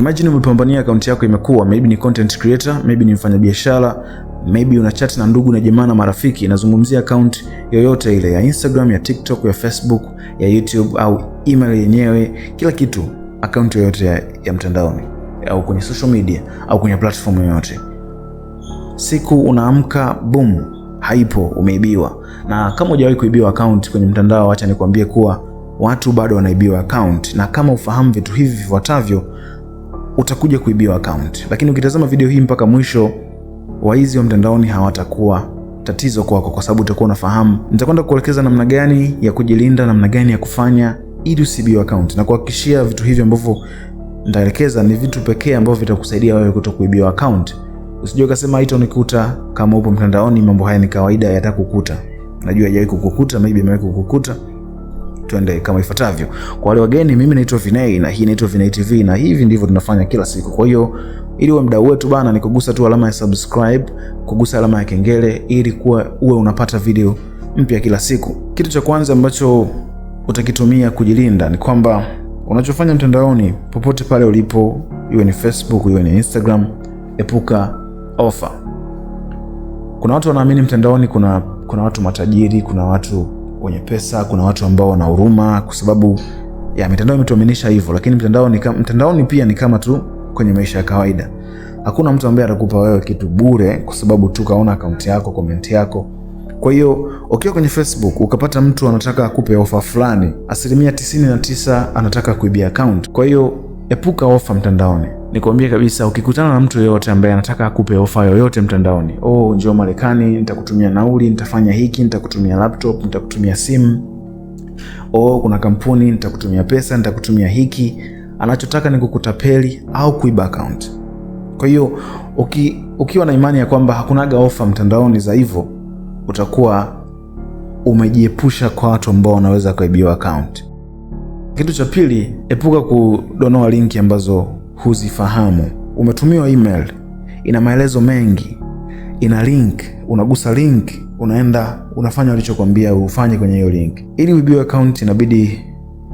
Imagine umepambania akaunti yako imekuwa, maybe ni content creator, maybe ni mfanyabiashara, maybe una chat na ndugu na jamaa na marafiki. Nazungumzia account yoyote ile ya Instagram, ya TikTok, ya Facebook, ya YouTube au email yenyewe, kila kitu, account yoyote ya, ya mtandaoni au kwenye social media au kwenye platform yoyote. Siku unaamka boom, haipo, umeibiwa. Na kama hujawahi kuibiwa account kwenye mtandao, acha nikwambie kuwa watu bado wanaibiwa account, na kama ufahamu vitu hivi vifuatavyo utakuja kuibiwa account. Lakini ukitazama video hii mpaka mwisho, waizi wa mtandaoni hawatakuwa tatizo kwako, kwa sababu utakuwa unafahamu. Nitakwenda kuelekeza namna gani ya kujilinda, namna gani ya kufanya ili usibiwe account. na kuhakikishia vitu hivi ambavyo nitaelekeza ni vitu pekee ambavyo vitakusaidia wewe kutokuibiwa akaunti. Usije ukasema nikuta kama upo mtandaoni. Mambo haya ni kawaida, yatakukuta. Najua hajawahi kukukuta, maybe imewahi kukukuta twende kama ifuatavyo. Kwa wale wageni, mimi naitwa Vinei na hii naitwa Vinei TV na hivi ndivyo tunafanya kila siku. Kwa hiyo ili uwe mdau wetu bana, ni kugusa tu alama ya subscribe, kugusa alama ya kengele ili kuwa uwe unapata video mpya kila siku. Kitu cha kwanza ambacho utakitumia kujilinda ni kwamba unachofanya mtandaoni, popote pale ulipo, iwe ni Facebook, iwe ni Instagram, epuka ofa. Kuna watu wanaamini mtandaoni kuna, kuna watu matajiri, kuna watu wenye pesa, kuna watu ambao wana huruma, kwa sababu ya mitandao imetuaminisha hivyo. Lakini mtandao ni mtandaoni pia ni kama tu kwenye maisha ya kawaida, hakuna mtu ambaye atakupa wewe kitu bure, kwa sababu tu kaona akaunti yako, komenti yako. Kwa hiyo ukiwa kwenye Facebook ukapata mtu anataka akupe ofa fulani, asilimia 99 anataka kuibia akaunti. Kwa hiyo epuka ofa mtandaoni nikwambie kabisa, ukikutana na mtu yoyote ambaye anataka akupe ofa yoyote mtandaoni, oh, njoo Marekani, nitakutumia nauli, nitafanya hiki, nitakutumia laptop, nitakutumia simu, oh, kuna kampuni, nitakutumia pesa, nitakutumia hiki, anachotaka ni kukutapeli au kuiba account. Kwa hiyo uki, ukiwa na imani ya kwamba hakunaga ofa mtandaoni za hivyo, utakuwa umejiepusha kwa watu ambao wanaweza kuibiwa account. Kitu cha pili, epuka kudonoa linki ambazo huzifahamu. Umetumiwa email, ina maelezo mengi, ina link, unagusa link, unaenda unafanya ulichokwambia ufanye kwenye hiyo link. Ili uibiwe account, inabidi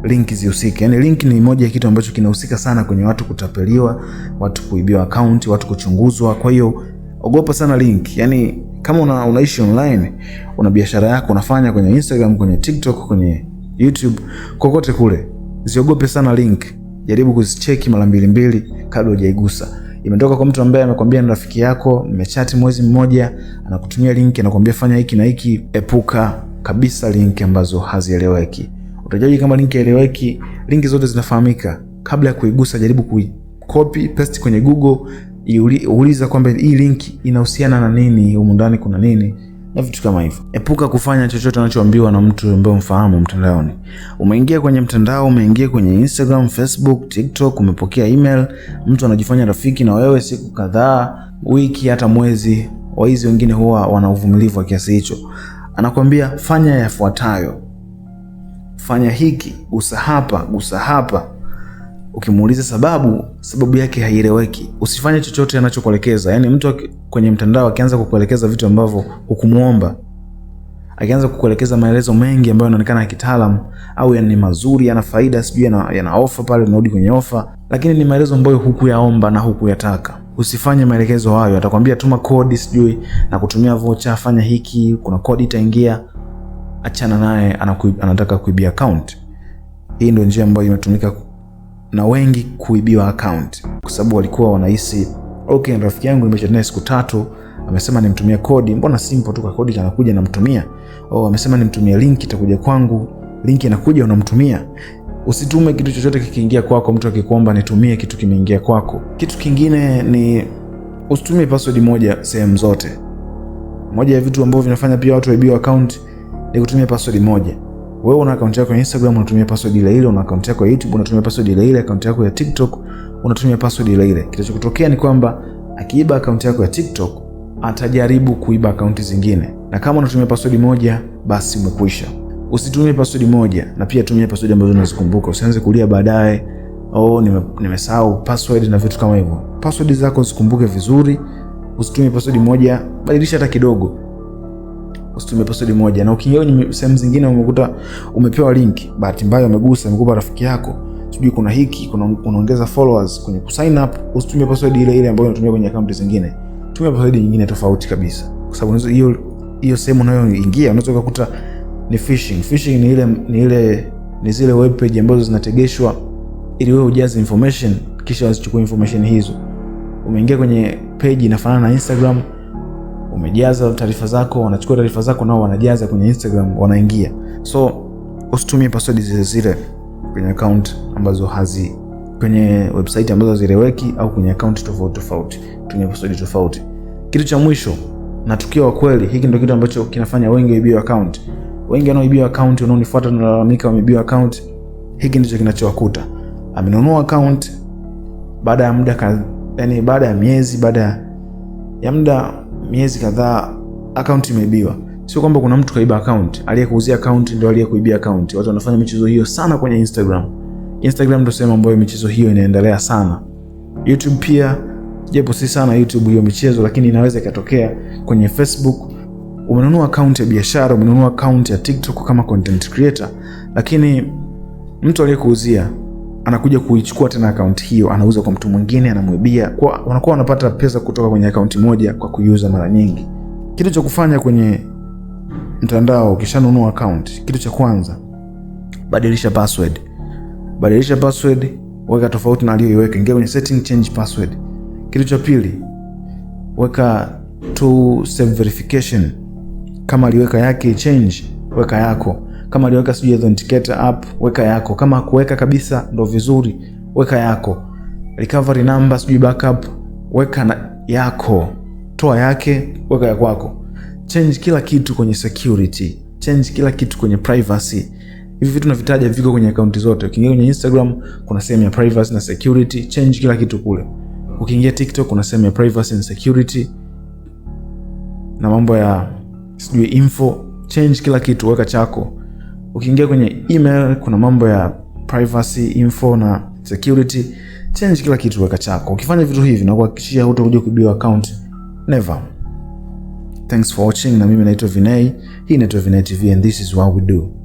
link zihusike. Yani link ni moja ya kitu ambacho kinahusika sana kwenye watu kutapeliwa, watu kuibiwa account, watu kuchunguzwa. Kwa hiyo ogopa sana link. Yani kama una, unaishi online, una biashara yako unafanya kwenye Instagram, kwenye TikTok, kwenye YouTube, kokote kule, ziogope sana link jaribu kuzicheki mara mbili mbili kabla hujaigusa. Imetoka kwa mtu ambaye amekwambia ni rafiki yako, mmechati mwezi mmoja, anakutumia link, anakuambia fanya hiki na hiki. Epuka kabisa link ambazo hazieleweki. Utajaji kama link eleweki? link zote zinafahamika. Kabla ya kuigusa, jaribu kuikopi paste kwenye Google, iuliza kwamba hii linki inahusiana na nini, humu ndani kuna nini na vitu kama hivyo. Epuka kufanya chochote unachoambiwa na mtu ambaye umfahamu mtandaoni. Umeingia kwenye mtandao, umeingia kwenye Instagram, Facebook, TikTok, umepokea email, mtu anajifanya rafiki na wewe siku kadhaa, wiki, hata mwezi. Waizi wengine huwa wana uvumilivu wa kiasi hicho. Anakuambia fanya yafuatayo, fanya hiki, gusa hapa, gusa hapa ukimuuliza sababu, sababu yake haieleweki. Usifanye chochote anachokuelekeza. Yaani mtu kwenye mtandao akianza kukuelekeza vitu ambavyo hukumuomba, akianza kukuelekeza maelezo mengi ambayo yanaonekana ya kitaalamu au yani mazuri, yana faida, sijui yana, yana ofa pale, unarudi kwenye ofa, lakini ni maelezo ambayo hukuyaomba na hukuyataka. Usifanye maelekezo hayo. Atakwambia tuma kodi, sijui na kutumia vocha, fanya hiki, kuna kodi itaingia. Achana naye, anataka kuibia account. Hii ndio njia ambayo imetumika na wengi kuibiwa account, kwa sababu walikuwa wanahisi okay, rafiki yangu nimechana naye siku tatu, amesema nimtumie kodi, mbona simple tu, kwa kodi kanakuja namtumia. Oh, amesema nimtumie link, itakuja kwangu, link inakuja unamtumia. Usitume kitu chochote kikiingia kwako, mtu akikuomba nitumie kitu kimeingia kwako. Kitu kingine ni usitumie password moja sehemu zote. Moja ya vitu ambavyo vinafanya pia watu waibiwa account ni kutumia password moja wewe una akaunti yako ya Instagram unatumia password ile ile, una akaunti yako ya YouTube unatumia password ile ile, akaunti yako ya TikTok unatumia password ile ile. Kitachotokea ni kwamba akiiba akaunti yako ya TikTok atajaribu kuiba akaunti zingine, na kama unatumia password moja basi umekwisha. Usitumie password moja, na pia tumia password ambazo unazikumbuka. Usianze kulia baadaye, oh, nimesahau nime password na vitu kama hivyo. Password zako zikumbuke vizuri, usitumie password moja, badilisha hata kidogo usitumie password moja, na ukiingia kwenye sehemu zingine umekuta umepewa link, bahati mbaya umegusa, imekupa rafiki yako, sijui kuna hiki, kuna unaongeza followers kwenye ku sign up, usitumie password ile ile ambayo unatumia kwenye account zingine. Tumia password nyingine tofauti kabisa, kwa sababu hiyo hiyo sehemu unayoingia unaweza kukuta ni phishing. Phishing ni ile ni ile ni zile web page ambazo zinategeshwa ili wewe ujaze information kisha wasichukue information hizo. Umeingia kwenye page inafanana na Instagram umejaza taarifa zako, wanachukua taarifa zako nao wanajaza kwenye Instagram, wanaingia. So usitumie password zile zile kwenye account ambazo hazi kwenye website ambazo hazieleweki au kwenye account tofauti tofauti, tumia password tofauti. Kitu cha mwisho na tukio wa kweli, hiki ndio kitu ambacho kinafanya wengi waibiwe account. Wengi wanaoibiwa account, wanaonifuata na lalamika wameibiwa account, hiki ndicho kinachowakuta. Amenunua account baada ya muda, yani baada ya miezi, baada ya muda miezi kadhaa account imeibiwa. Sio kwamba kuna mtu kaiba account, aliyekuuzia account ndio aliyekuibia account. Watu wanafanya michezo hiyo sana kwenye Instagram. Instagram ndio sehemu ambayo michezo hiyo inaendelea sana. YouTube pia, japo si sana YouTube hiyo michezo, lakini inaweza ikatokea kwenye Facebook. Umenunua account ya biashara, umenunua account ya TikTok kama content creator, lakini mtu aliyekuuzia anakuja kuichukua tena akaunti hiyo, anauza kwa mtu mwingine, anamwibia kwa, wanakuwa wanapata pesa kutoka kwenye akaunti moja kwa kuiuza mara nyingi. Kitu cha kufanya kwenye mtandao ukishanunua akaunti, kitu cha kwanza badilisha password. Badilisha password, weka tofauti na aliyoiweka, ingia kwenye setting, change password. Kitu cha pili weka two step verification, kama aliweka yake change, weka yako kama aliweka sijui authenticator app, weka yako. Kama kuweka kabisa, ndo vizuri, weka yako. Recovery number, sijui backup, weka na yako. Toa yake, weka ya kwako. Change kila kitu kwenye security, change kila kitu kwenye privacy. Hivi vitu navitaja viko kwenye akaunti zote. Ukiingia kwenye Instagram kuna sehemu ya privacy na security, change kila kitu kule. Ukiingia TikTok kuna sehemu ya privacy and security na mambo ya sijui info, change kila kitu, weka chako. Ukiingia kwenye email kuna mambo ya privacy info na security. Change kila kitu, weka chako. Ukifanya vitu hivi na kuhakikishia hutakuja kuibiwa account never. Thanks for watching, na mimi naitwa Vinay. Hii naitwa Vinay TV and this is what we do.